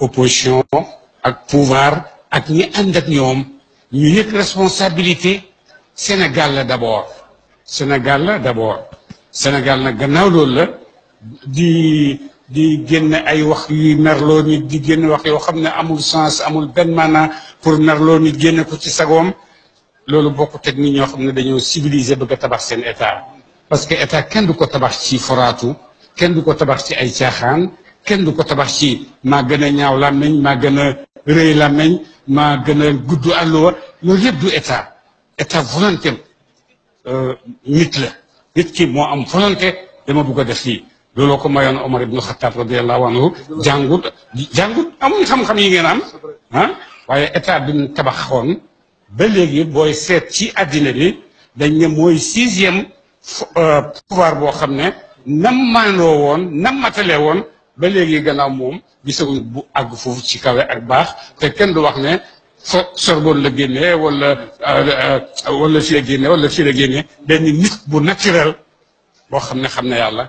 opposition ak pouvoir ak ñi and ak ñoom ñu yëg responsabilité Sénégal la d'abord Sénégal la d'abord Sénégal nag gannaaw loolu la di di génn ay wax yuy merloo nit di génn wax yoo xam ne amul sens amul benn maanaa pour merloo nit génn ko ci sagoom loolu bokk teg nit ñoo xam ne dañoo civiliser bëgg a tabax seen état parce que état kenn du ko tabax ci foraatu kenn du ko tabax ci ay caaxaan kenn du ko tabax ci maa gën a ñaaw làmmiñ ma gën a rëy làmmiñ maa gën a gudd àlluwa loolu yëpp du état état volonté euh, nit la nit ki moo am volonté dama bugg a def lii looloo ko mayoon Omar ibnu Xattaab radiallahu anhu jàngut jàngut amuñ xam-xam yi ngeen ah. waaye état bi tabaxoon ba léegi booy seet ci àddina bi dañ ne mooy sixième euh, pouvoir boo xam ne nam maandoo woon nam woon ba léegi gannaaw moom gisaguñ bu àgg foofu ci kawe ak baax te kenn du wax ne so Sorbonne la génne wala euh, euh, wala fii la génne wala fii la génne benn nit bu naturel boo xam ne xam ne yàlla